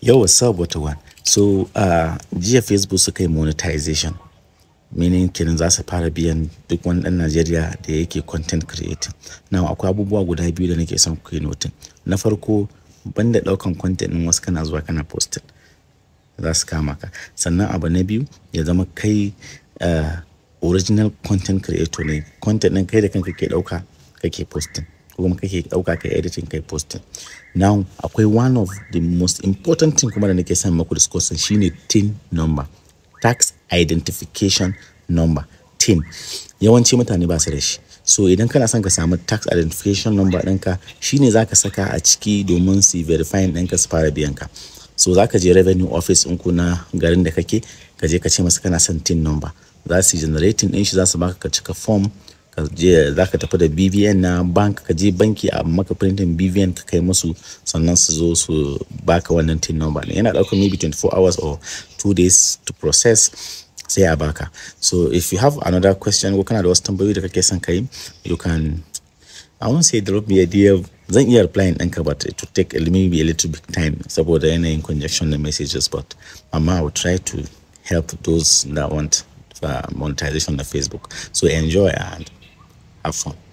yau what's up what one so jiya facebook suka yi monetization meaning kenan za su fara biyan duk wani ɗan najeriya da yake content creating na akwai abubuwa guda biyu da nake son ku notin na farko banda ɗaukan content din wasu kana zuwa kana posted za su kama ka sannan abu na biyu ya zama kai uh, original content creator ne content din kai da kanka ke ɗauka, kake posting kuma kake dauka kai editing kai posting now akwai one of the most important thing kuma da nake son maku discuss shine tin number tax identification number tin yawanci mutane ba su da shi so idan kana son ka samu tax identification number ɗinka shine zaka saka a ciki domin su verifying ɗinka su fara biyan ka so zaka je revenue office ɗinku na garin da kake ka je ka ce masa kana son tin number za su yi generating ɗin shi za su baka ka cika form ka je za ka tafi da BVN na bank ka je banki a maka printin BVN ka kai musu sannan su zo su baka wannan tin number yana ɗaukar maybe 24 hours or 2 days to process sai a baka so if you have another question ko kana da wasu tambayoyi da kake son kai you can I won't say drop me a DM zan iya din ka but it will take maybe a little bit time saboda yanayin conjunction na messages but amma I will try to help those that want uh, monetization on Facebook so enjoy and Afonso.